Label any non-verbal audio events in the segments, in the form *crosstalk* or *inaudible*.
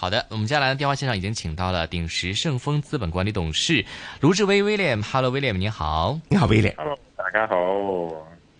好的，我們接下來的電話線上已經請到了鼎石盛豐資本管理董事盧志威 William，Hello William，你好，你好 William，Hello 大家好。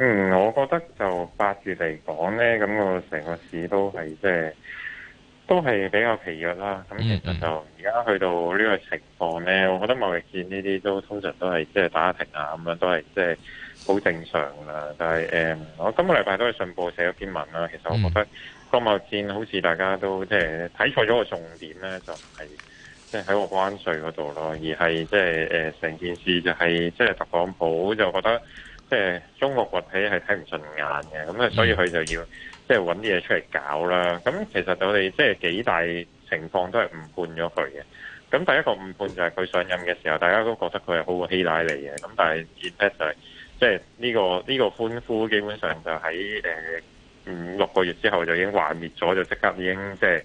嗯，我覺得就八字嚟講咧，咁我成個市都係即係都係比較疲弱啦。咁、嗯嗯、其實就而家去到呢個情況咧，我覺得貿易戰呢啲都通常都係即係打一停啊，咁樣都係即係好正常噶。但係誒、嗯，我今個禮拜都係信報寫咗篇文啦。其實我覺得貿易戰好似大家都即係睇錯咗個重點咧，就唔係即係喺個關稅嗰度咯，而係即係誒成件事就係即係特朗普就覺得，即係中國崛起係睇唔順眼嘅，咁啊，所以佢就要即係搵啲嘢出嚟搞啦。咁其實我哋即係幾大情況都係誤判咗佢嘅。咁第一個誤判就係佢上任嘅時候，大家都覺得佢係好過希拉里嘅。咁但係事實就係、是這個，即係呢個呢個歡呼基本上就喺誒五六個月之後就已經幻滅咗，就即刻已經即係、就是、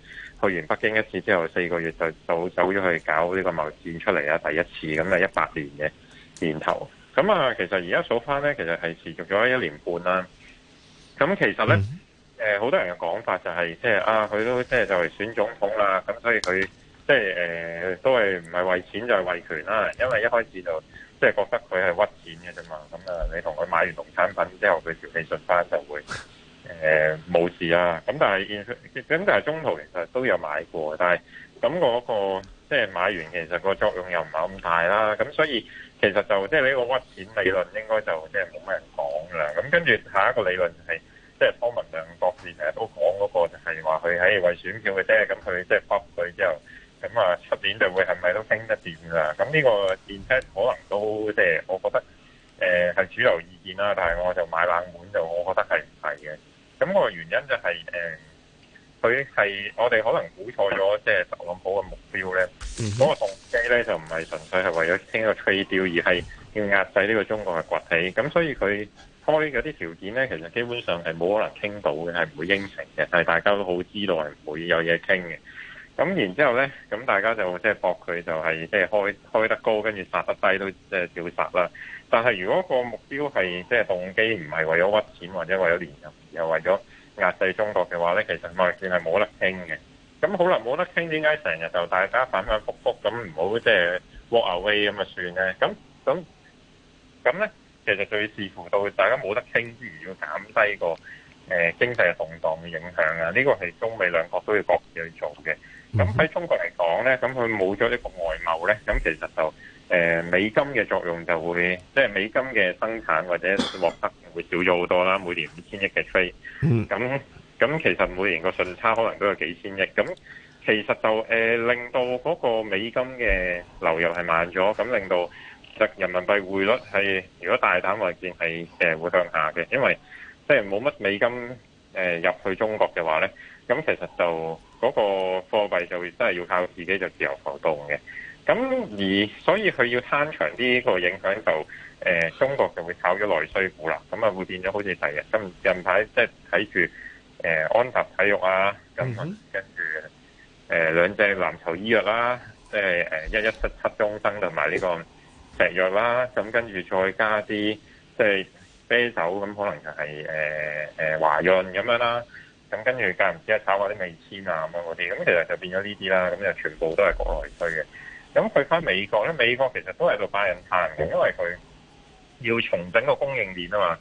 去完北京一次之後四個月就，就走走咗去搞呢個貿戰出嚟啊！第一次咁啊，一八年嘅年頭。咁啊、嗯，其實而家數翻咧，其實係持續咗一年半啦。咁其實咧，誒好、嗯哼呃、多人嘅講法就係、是，即係啊，佢都即係就係選總統啦，咁所以佢即係誒都係唔係為錢就係為權啦。因為一開始就即係、就是、覺得佢係屈錢嘅啫嘛，咁啊，你同佢買完農產品之後，佢條氣順翻就會。 *laughs* 誒，冇、呃、事啊！咁但係，咁但係中途其實都有買過，但係咁嗰個即係、就是、買完，其實個作用又唔係咁大啦。咁所以其實就即係呢個屈片理論，應該就即係冇乜人講噶。咁跟住下一個理論係，即係湯文亮博士成日都講嗰個、就是，就係話佢喺為選票嘅啫。咁佢即係卜佢之後，咁啊出年就會係咪都傾得掂啊？咁呢個電梯可能都即係、就是、我覺得誒係、呃、主流意見啦。但係我就買冷門就，就我覺得係唔係嘅。咁個原因就係誒，佢係我哋可能估錯咗，即係特朗普嘅目標咧，嗰個動機咧就唔係純粹係為咗傾一個 t r 而係要壓制呢個中國嘅崛起。咁所以佢開嗰啲條件咧，其實基本上係冇可能傾到嘅，係唔會應承嘅，但係大家都好知道係唔會有嘢傾嘅。 *noise* *noise* 咁然之後呢，咁大家就即係搏佢就係即係開開得高，跟住殺得低都即係少殺啦。但係如果個目標係即係動機唔係為咗屈錢，或者為咗連任，又為咗壓制中國嘅話呢，其實外匯券係冇得傾嘅。咁好啦，冇得傾，點解成日就大家反反覆覆咁唔好即係握牛 A 咁啊算咧？咁咁咁咧，其實最視乎到大家冇得傾之餘，而要減低個誒、呃、經濟動盪嘅影響啊！呢、這個係中美兩國都要各自去做嘅。咁喺中國嚟講呢，咁佢冇咗呢個外貿呢，咁其實就誒、呃、美金嘅作用就會，即係美金嘅生產或者獲得會少咗好多啦。每年五千億嘅飛，咁咁其實每年個順差可能都有幾千億。咁其實就誒、呃、令到嗰個美金嘅流入係慢咗，咁令到其實人民幣匯率係如果大膽話，見係誒會向下嘅，因為即係冇乜美金誒入、呃、去中國嘅話呢，咁其實就。嗰個貨幣就真係要靠自己就自由浮動嘅，咁而所以佢要攤長啲、個影響就誒、呃、中國就會炒咗內需股啦，咁啊會變咗好似第日咁近排即係睇住誒安踏體育啊，咁跟住誒、呃、兩隻藍籌醫藥啦、啊，即係誒一一七七中生同埋呢個石藥啦、啊，咁跟住再加啲即係啤酒，咁可能就係誒誒華潤咁樣啦、啊。咁、嗯、跟住、啊，間唔知一炒下啲未簽啊咁樣嗰啲，咁其實就變咗呢啲啦。咁、嗯、就全部都係國內需嘅。咁、嗯、去返美國咧，美國其實都係度擺緊攤嘅，因為佢要重整個供應鏈啊嘛。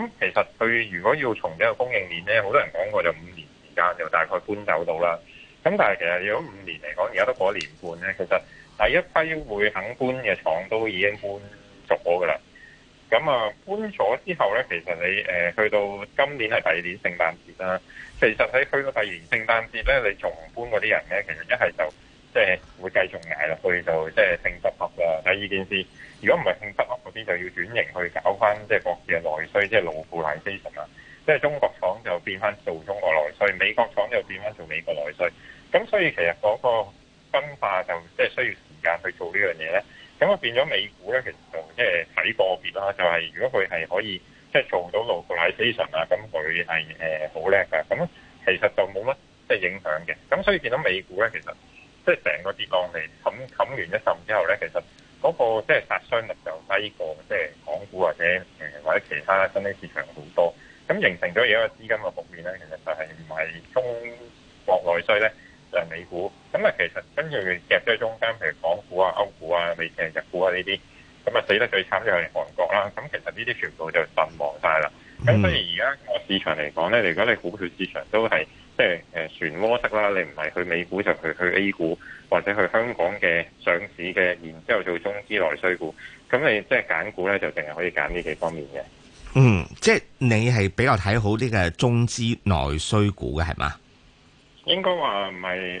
咁、嗯、其實佢如果要重整個供應鏈咧，好多人講過就五年時間就大概搬走到啦。咁、嗯、但係其實如果五年嚟講，而家都過一年半咧，其實第一批會肯搬嘅廠都已經搬足咗㗎啦。咁啊，搬咗之後咧，其實你誒、呃、去到今年係第二年聖誕節啦。其實喺去到第二年聖誕節咧，你重搬嗰啲人咧，其實一係就即係、就是、會繼續捱落去就即係性執笠啦。第二件事，如果唔係性執笠嗰邊，就要轉型去搞翻即係國嘅內需，即係 localization 咁啊。即、就、係、是、中國廠就變翻做中國內需，美國廠就變翻做美國內需。咁所以其實嗰個分化就即係、就是、需要時間去做呢樣嘢咧。咁啊，變咗美股咧，其實就即係睇個別啦。就係、是、如果佢係可以即係、就是、做到 localization 啊，咁佢係誒好叻嘅。咁其實就冇乜即係影響嘅。咁所以見到美股咧，其實即係成個跌落嚟，冚冚完一陣之後咧，其實嗰個即係殺傷力就低過即係、就是、港股或者誒、呃、或者其他新興市場好多。咁形成咗而家資金嘅局面咧，其實就係買中國內需咧。就美股，咁啊，其實跟住夾咗中間，譬如港股啊、歐股啊、美誒日股啊呢啲，咁啊死得最慘就係韓國啦。咁其實呢啲全部就陣亡晒啦。咁雖然而家個市場嚟講咧，如果你股票市場都係即係誒漩渦式啦，你唔係去美股就去去 A 股或者去香港嘅上市嘅，然之後做中資內需股，咁你即係揀股咧就淨係可以揀呢幾方面嘅。嗯，即係你係比較睇好呢個中資內需股嘅係嘛？應該話唔係誒，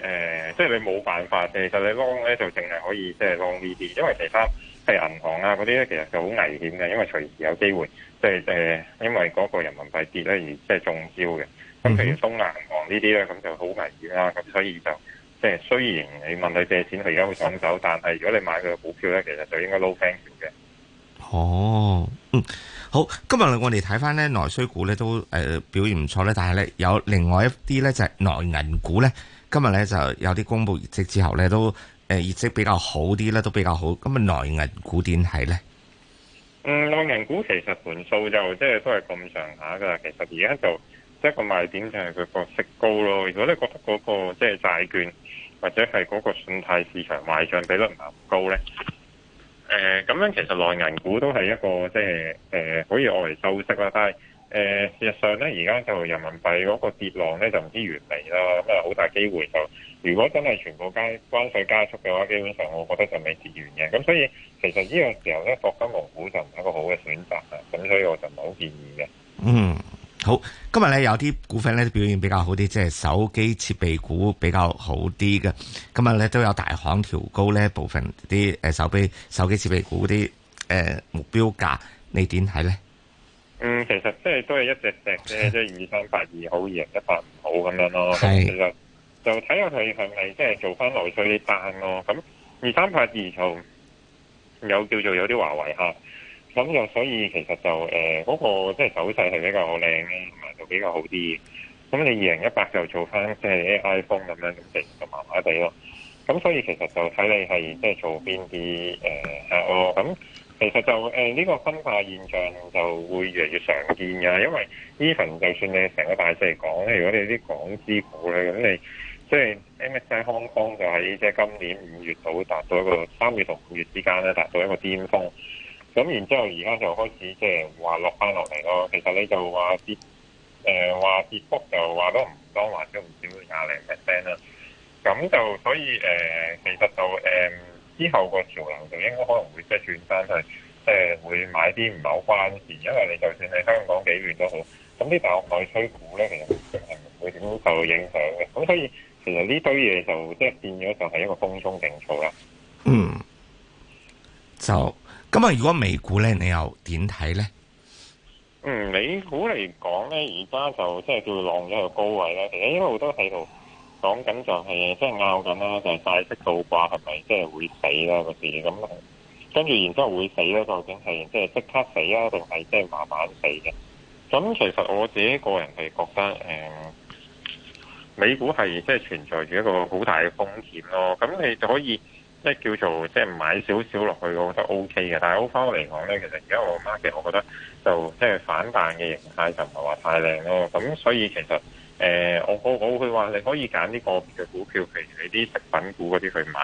即係你冇辦法。其實你 long 咧就淨係可以即係 long 呢啲，因為其他係銀行啊嗰啲咧其實就好危險嘅，因為隨時有機會即係誒、呃，因為嗰個人民幣跌咧而即係中招嘅。咁譬如東南銀行呢啲咧，咁就好危險啦。咁所以就即係雖然你問佢借錢，佢而家會想走，但係如果你買佢嘅股票咧，其實就應該 long 翻佢嘅。哦，嗯。好，今日我哋睇翻咧內需股咧都誒表現唔錯咧，但係咧有另外一啲咧就係內銀股咧，今日咧就有啲公布業績之後咧都誒業績比較好啲咧都比較好，咁啊內銀股點睇咧？嗯，內銀股其實盤數就即係都係咁上下噶，其實而家就即係個賣點就係佢個息高咯。如果你覺得嗰個即係債券或者係嗰個信貸市場壞賬比率唔係高咧？誒，咁、呃、樣，其實內銀股都係一個即係誒，可以外嚟，收息啦。但係誒、呃，事實上咧，而家就人民幣嗰個跌浪咧就唔知原嚟啦。咁啊，好大機會就，如果真係全部加關稅加速嘅話，基本上我覺得就未跌完嘅。咁所以，其實呢個時候咧，或金融股就唔係一個好嘅選擇啊。咁所以，我就唔係好建議嘅。嗯。好，今日咧有啲股份咧表現比較好啲，即係手機設備股比較好啲嘅。今日咧都有大行調高呢部分啲誒手機手機設備股啲誒、呃、目標價，你點睇咧？嗯，其實是是的即係都係一隻隻即係二三八二好，二零一八好咁樣咯。的其實就睇下佢係咪即係做翻流水啲單咯。咁二三八二就有叫做有啲華為嚇。咁就，所以其實就誒嗰、呃那個即係手勢係比較靚咧，同埋就比較好啲。咁你二零一八就做翻即係啲 iPhone 咁樣就，就麻麻地咯。咁所以其實就睇你係即係做邊啲誒？哦，咁其實就誒呢、呃這個分化現象就會越嚟越常見㗎。因為 even 就算你成個大市講咧，如果你啲港資股咧，咁你即係 MSCI Hong Kong 就喺、是、即係今年五月度達到一個三月同五月之間咧達到一個巔峰。咁然之後，而家就開始即係話落翻落嚟咯。其實你就話跌，誒、呃、話跌幅就話都唔多，或者唔少廿零 percent 啦。咁就所以誒，其實就誒之後個潮流就應該可能會即係轉翻去，即、呃、係會買啲唔冇關事，因為你就算喺香港幾遠都好，咁啲大陸內需股咧其實唔會點受到影響嘅。咁所以其實呢堆嘢就即係變咗，就係一個風中勁草啦。嗯，就。咁啊，如果美股咧，你又點睇咧？嗯，美股嚟講咧，而家就即係叫浪咗個高位啦。其實因為好多係度講緊就係、是，即係拗緊啦，就係、是、大息倒掛係咪即係會死啦嗰啲咁。跟住然之後,後會死咧，究竟係即係即是刻死啊，定係即係慢慢死嘅？咁其實我自己個人係覺得，誒、嗯，美股係即係存在住一個好大嘅風險咯。咁你就可以。即係叫做即係買少少落去，我覺得 O K 嘅。但係 O F O 嚟講咧，其實而家我買嘅，我覺得就即係反彈嘅形態就唔係話太靚咯。咁所以其實誒、呃，我我我會話你可以揀呢個別嘅股票，譬如你啲食品股嗰啲去買。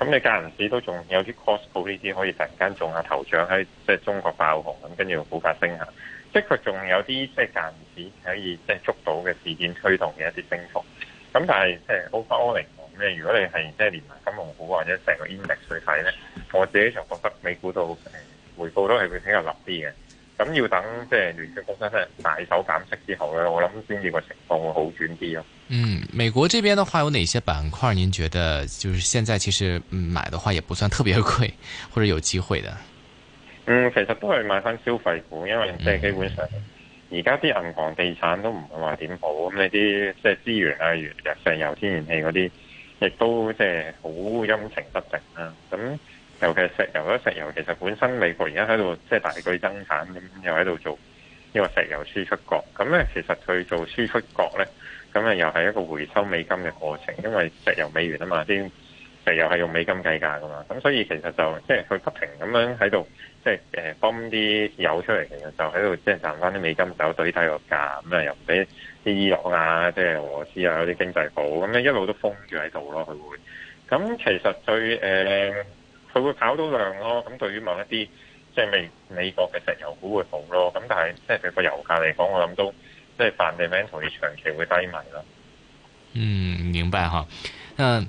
咁你間唔時都仲有啲 Costco 呢啲可以突然間中下頭獎，喺即係中國爆紅，咁跟住好快升下。即係佢仲有啲即係間唔時可以即係捉到嘅事件推動嘅一啲升幅。咁但係即係 O F 嚟。咩？如果你係即係連埋金融股或者成個 index 去睇咧，我自己就覺得美股度回報都係會比較立啲嘅。咁要等即係聯儲局真係大手減息之後咧，我諗先至個情況會好轉啲咯。嗯，美國呢邊嘅話，有哪些板塊？您覺得就是現在其實買嘅話，也不算特別貴，或者有機會嘅。嗯，其實都係買翻消費股，因為即係基本上而家啲銀行、地產都唔係話點好咁，你啲即係資源啊，原油、天然氣嗰啲。亦都即係好陰晴不定啦。咁尤其石油咧，石油其實本身美國而家喺度即係大舉增產，咁又喺度做呢個石油輸出國。咁咧其實佢做輸出國咧，咁啊又係一個回收美金嘅過程，因為石油美元啊嘛，啲石油係用美金計價㗎嘛。咁所以其實就即係佢不停咁樣喺度。即係誒，幫啲油出嚟，其實就喺度即係賺翻啲美金就對低個價咁啊，又唔俾啲伊朗啊，即係俄羅斯啊嗰啲經濟股咁咧，一路都封住喺度咯，佢會。咁其實對誒，佢會炒到量咯。咁對於某一啲即係美美國嘅石油股會好咯。咁但係即係佢個油價嚟講，我諗都即係泛地名同佢長期會低迷啦。嗯，明白哈。嗯、uh。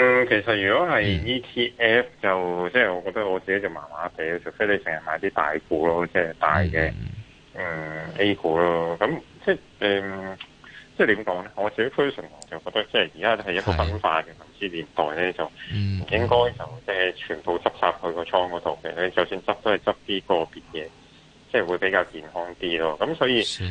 嗯，其實如果係 E T F 就，即係我覺得我自己就麻麻哋，除非你成日買啲大股咯，即係大嘅，嗯 A 股咯，咁即係，嗯，即係點講咧？我自己非常就覺得，即係而家都係一個分化嘅投資年代咧，就唔、嗯、應該就即係全部執晒去個倉嗰度嘅，你就算執都係執啲個別嘢。即係會比較健康啲咯，咁所以誒，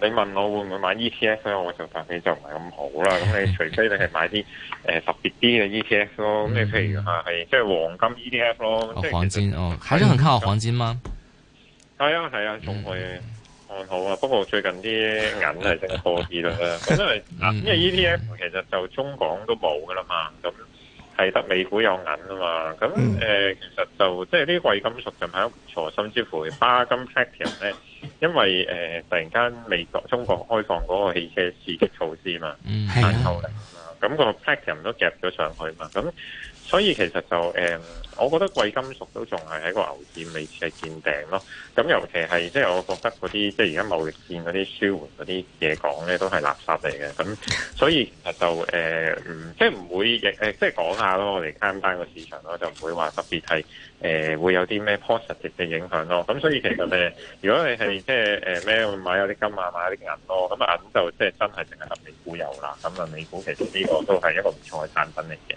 你問我會唔會買 ETF，所以我就答你就唔係咁好啦。咁你除非你係買啲誒特別啲嘅 ETF 咯，咁你譬如係即係黃金 ETF 咯，即係黃金哦，還是很看好黃金嗎？係啊係啊，仲可以看好啊，不過最近啲銀係升多啲啦，因為因為 ETF 其實就中港都冇噶啦嘛，咁。係得美股有銀啊嘛，咁誒、呃、其實就即係啲貴金屬就係一個唔錯，甚至乎巴金 Platinum 咧，因為誒、呃、突然間美國中國開放嗰個汽車刺激措施嘛，然後咧，咁、啊那個 Platinum 都夾咗上去嘛，咁。所以其實就誒、嗯，我覺得貴金屬都仲係喺個牛市，未似係見頂咯。咁、嗯、尤其係即係我覺得嗰啲即係而家貿易戰嗰啲舒緩嗰啲嘢講咧，都係垃圾嚟嘅。咁、嗯、所以其實就誒，嗯、呃，即係唔會亦誒，即係講下咯，我哋睇翻個市場咯，就唔會話特別係誒、呃、會有啲咩 positive 嘅影響咯。咁、嗯、所以其實咧，如果你係即係誒咩買下啲金啊，買，買、就是、下啲銀咯，咁啊咁就即係真係淨係得美股有啦。咁啊，美股你其實呢個都係一個唔錯嘅產品嚟嘅。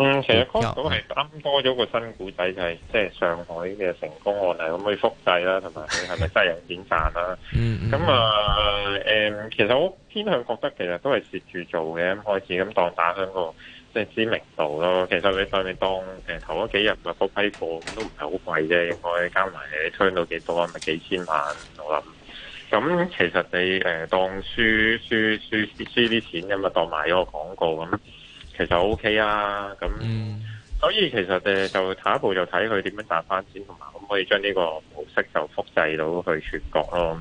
嗯，其實港股係啱多咗個新古仔，就係即係上海嘅成功案例，可唔可以複製啦？同埋佢係咪真係有錢賺啦？咁啊，誒、嗯，其實我偏向覺得其實都係蝕住做嘅，開始咁當打響個即係知名度咯。其實你，你當、呃、上你當誒頭嗰幾日咪嗰批貨都唔係好貴啫，應該加埋你推到幾多咪、嗯、幾千萬，我諗。咁、嗯、其實你誒、呃、當輸輸輸輸啲錢，咁咪當買一個廣告咁。嗯其實 OK 啊，咁、嗯、所以其實誒就下一步就睇佢點樣賺翻錢，同埋可唔可以將呢個模式就複製到去全國咯。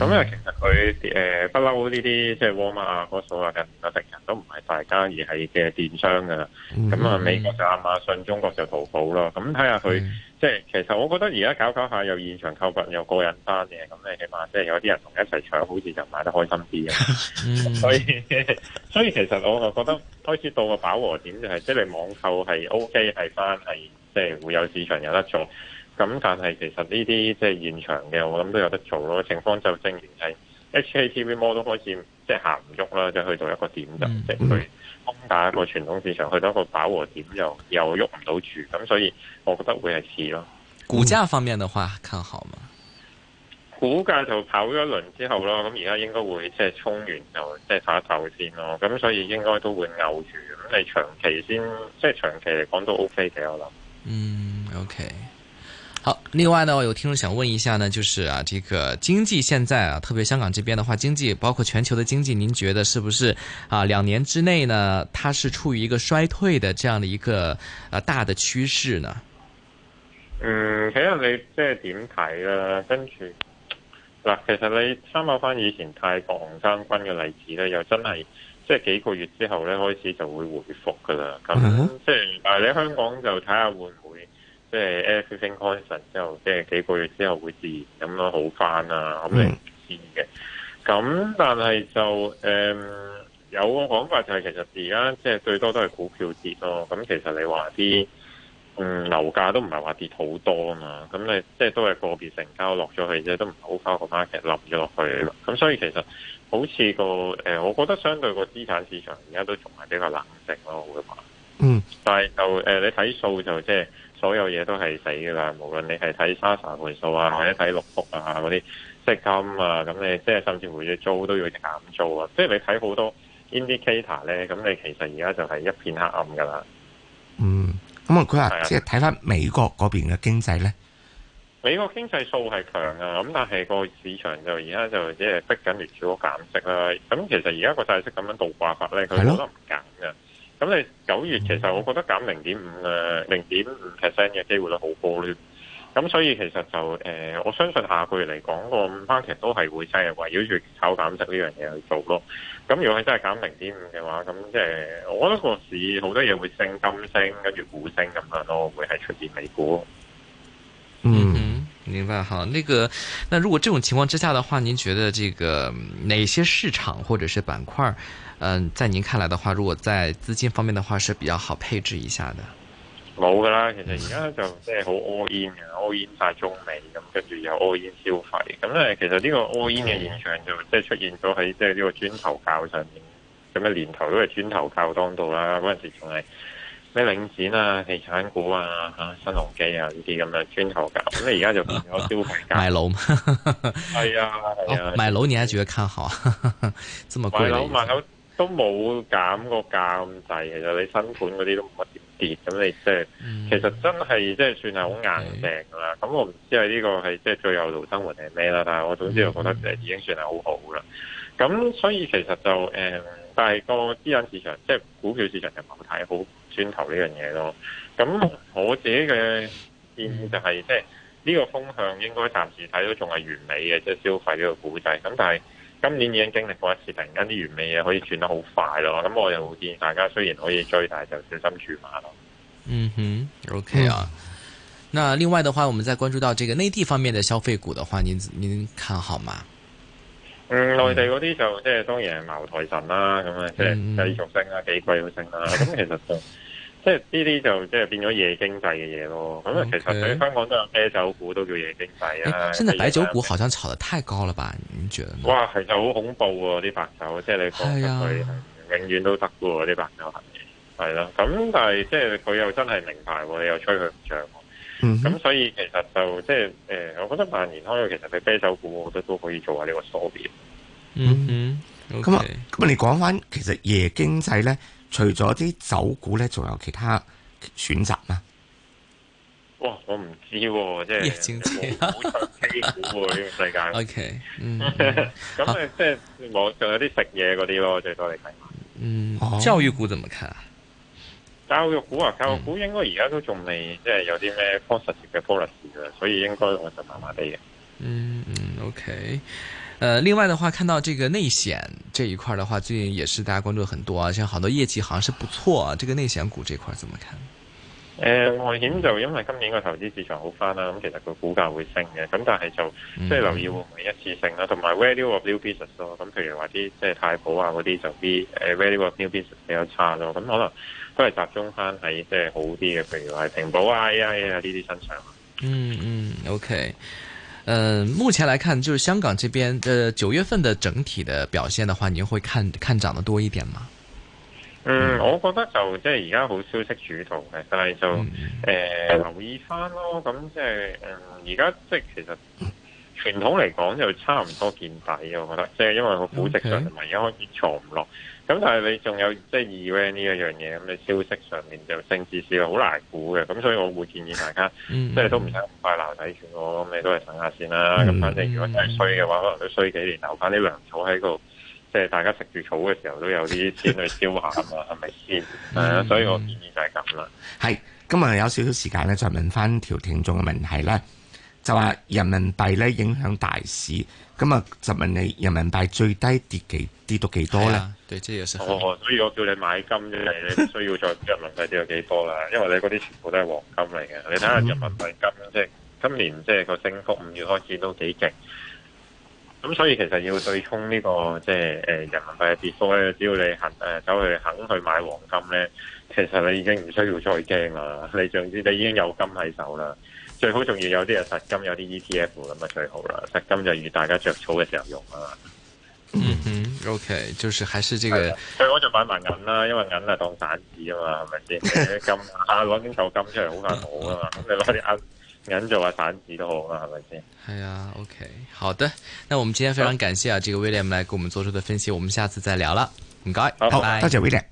咁因為其實佢誒不嬲呢啲即係 Walmart 啊，嗰數啊，咁啊敵人都唔係大家，而係嘅電商啊，咁啊、嗯嗯、美國就亞馬遜，中國就淘寶咯。咁睇下佢。看看即係其實我覺得而家搞搞下又現場購物又過癮翻嘅，咁你起碼即係有啲人同你一齊搶，好似就買得開心啲嘅。 *laughs* 所以所以其實我就覺得開始到個飽和點就係、是，即、就是、你網購係 OK 係翻係，即係、就是、會有市場有得做。咁但係其實呢啲即係現場嘅，我諗都有得做咯。情況就正如係 HKTV Mall 都開始。即係行唔喐啦，就去到一個點就，嗯、即係去轟炸一個傳統市場，去到一個飽和點就又喐唔到住，咁所以我覺得會係似咯。股價方面嘅話，看好嗎？股價就跑咗一輪之後咯，咁而家應該會即係衝完就即係跑一頭先咯，咁所以應該都會牛住，咁你長期先即係長期嚟講都 OK 嘅，我諗、嗯。嗯，OK。好，另外呢，我有聽眾想問一下呢，就是啊，這個經濟現在啊，特別香港這邊的話，經濟包括全球的經濟，您覺得是不是啊，兩年之內呢，它是處於一個衰退的這樣的一個啊大的趨勢呢？嗯，其下你即係點睇啦，跟住嗱，其實你參考翻以前泰國紅衫軍嘅例子咧，又真係即係幾個月之後咧開始就會回復噶啦，咁、嗯、即係但係喺香港就睇下會唔會。即係 everything constant 之後，即係幾個月之後會自然咁樣好翻啊。咁樣先嘅。咁但係就誒、嗯、有個講法就係，其實而家即係最多都係股票跌咯。咁其實你話啲嗯樓價都唔係話跌好多啊嘛。咁你即係都係個別成交落咗去啫，都唔係好靠個 market 冧咗落去咯。咁所以其實好似個誒、呃，我覺得相對個資產市場而家都仲係比較冷靜咯，我會話。嗯，但係就誒、呃，你睇數就即係所有嘢都係死噶啦無論你係睇沙沙回數啊，或者睇六福啊嗰啲，即係金啊，咁你即係甚至乎要租都要減租啊，即係你睇好多 indicator 咧，咁你其實而家就係一片黑暗噶啦、嗯。嗯，咁啊，佢話即係睇翻美國嗰邊嘅經濟咧，美國經濟數係強啊，咁但係個市場就而家就即係逼緊聯儲局減息啦。咁其實而家個債息咁樣倒掛法咧，佢覺得唔減噶咁你九月其實我覺得減零點五嘅零點五 percent 嘅機會都好高咧，咁所以其實就誒、呃，我相信下個月嚟講，個 market 其實都係會真係圍繞住炒減息呢樣嘢去做咯。咁如果真係減零點五嘅話，咁即係我覺得個市好多嘢會升，金升，跟住股升咁樣咯，會係出現美股。明白哈，那個，那如果這種情況之下的話，您覺得這個哪些市場或者是板塊，嗯、呃，在您看來的話，如果在資金方面的話，是比較好配置一下的。冇㗎啦，其實而家就即係好 all in 嘅 *laughs* ，all in 晒中美咁，跟住又 all in 消費。咁、嗯、咧，其實呢個 all in 嘅現象就即係出現咗喺即係呢個磚頭教上面。咁嘅年頭都係磚頭教當道啦，嗰陣時仲係咩領展啊、地產股啊、嚇、啊、新鴻基啊呢啲咁樣磚頭價，咁你而家就變咗消費價、哎哦。買樓，係啊係啊。買樓，你係覺得看好？咁貴嚟？買樓買樓都冇減過價咁滯，其實你新款嗰啲都冇乜點跌，咁你即係、嗯、其實真係即係算係好硬淨㗎啦。咁我唔知係呢個係即係最後度生活係咩啦，但係我總之就覺得誒已經算係好好啦。咁所以其實就誒。嗯嗯嗯嗯但係個私人市場，即係股票市場就，就唔好睇好轉頭呢樣嘢咯。咁我自己嘅建議就係、是，即係呢個風向應該暫時睇到仲係完美嘅，即係消費呢個股制。咁但係今年已經經歷過一次，突然間啲完美嘢可以轉得好快咯。咁我又好建議大家，雖然可以追，但係就小心注碼咯。嗯哼，OK 啊。嗯、那另外的話，我們再關注到這個內地方面的消費股的話，您您看好嗎？嗯，嗯內地嗰啲就即、是、係當然係茅台神啦，咁啊即係繼續升啦，幾貴都升啦。咁的其實就即係呢啲就即係變咗夜經濟嘅嘢咯。咁啊、嗯，其實喺香港都有啤酒股都叫夜經濟啊、欸。現在白酒股好像炒得太高了吧？你覺得？哇，其實好恐怖喎！啲白酒即係、就是、你講佢係永遠都得嘅喎，啲白酒行業係啦。咁但係即係佢又真係名牌喎，你又吹佢唔漲。咁、mm hmm. 所以其實就即係誒，我覺得萬年開其實佢啤酒股，我覺得都可以做下呢個鎖邊。嗯哼、mm，咁、hmm. 啊、okay，，咁啊，你講翻其實夜經濟咧，除咗啲酒股咧，仲有其他選擇嗎？哇，我唔知、啊，即係夜經濟冇唱 K 股嘅呢個世界。O K，嗯，咁、hmm. 誒、 *laughs* 就是，即係網上有啲食嘢嗰啲咯，最多你睇下。嗯，教育股怎麼看啊？教育股啊，教育股應該而家都仲未即係有啲咩 positive 嘅 policy 嘅，所以應該我就麻麻地嘅。嗯 OK 誒，另外嘅話，看到呢個內險這一塊嘅話，最近也是大家關注很多啊，像好多業績好像是不錯啊，這個內險股這塊怎麼看？誒、呃，外險就因為今年個投資市場好翻啦，咁其實個股價會升嘅，咁但係就即係、嗯呃、留意會唔會一次性啦，同埋 value of new business 咯。咁譬如話啲即係太保啊嗰啲就啲、uh, value of new business 比較差咯，咁可能。都係集中翻喺即係好啲嘅，譬如係平保啊、AIA 啊呢啲身上。嗯嗯，OK、呃。誒，目前來看，就是、香港這邊，誒、呃、九月份嘅整體的表現嘅話，你會看看漲得多一點嗎？嗯，嗯我覺得就即係而家好消息主導嘅，但係就誒、嗯呃、留意翻咯。咁即係，誒而家即係其實傳統嚟講就差唔多見底嘅，我覺得。即、就、係、是、因為個保值上同埋、嗯、而家開始坐唔落。咁但係你仲有即係 event 呢一樣嘢，咁你消息上面就政治少，好難估嘅。咁所以我會建議大家，嗯、即係都唔使咁快撈底錢，我咁、嗯、你都係等下先啦。咁反正如果真係衰嘅話，可能都衰幾年，留翻啲糧草喺度，即係大家食住草嘅時候都有啲錢去消化，咁啊係咪先？係啊、嗯，所以我建議就係咁啦。係，今日有少少時間咧，再問翻條聽眾嘅問題咧。就話人民幣咧影響大市，咁啊就問你人民幣最低跌幾跌到幾多咧？對，即係有失去。哦，所以我叫你買金啫，你唔需要再 *laughs* 人民幣跌到幾多啦，因為你嗰啲全部都係黃金嚟嘅。你睇下人民幣金、嗯、即係今年即係個升幅，五月開始都幾勁。咁所以其實要對沖呢、呢個即係誒人民幣嘅跌幅咧，只要你肯誒走去肯去買黃金咧，其實你已經唔需要再驚啦。你仲之你已經有金喺手啦。最好仲要有啲嘅實金，有啲 ETF 咁啊最好啦。實金就與大家着草嘅時候用嘛，嗯。嗯哼，OK，就是還是這個。最好就買埋銀啦，因為銀啊當散紙啊嘛，係咪先？ *laughs* 金啊攞啲舊金出嚟好快冇啊嘛，咁 *laughs* 你攞啲銀銀做下散紙都好是是啊，係咪先？係啊，OK，好的。那我們今天非常感謝啊，這個 William 來跟我們做出的分析，我們下次再聊啦。唔該，好，多謝 bye，William。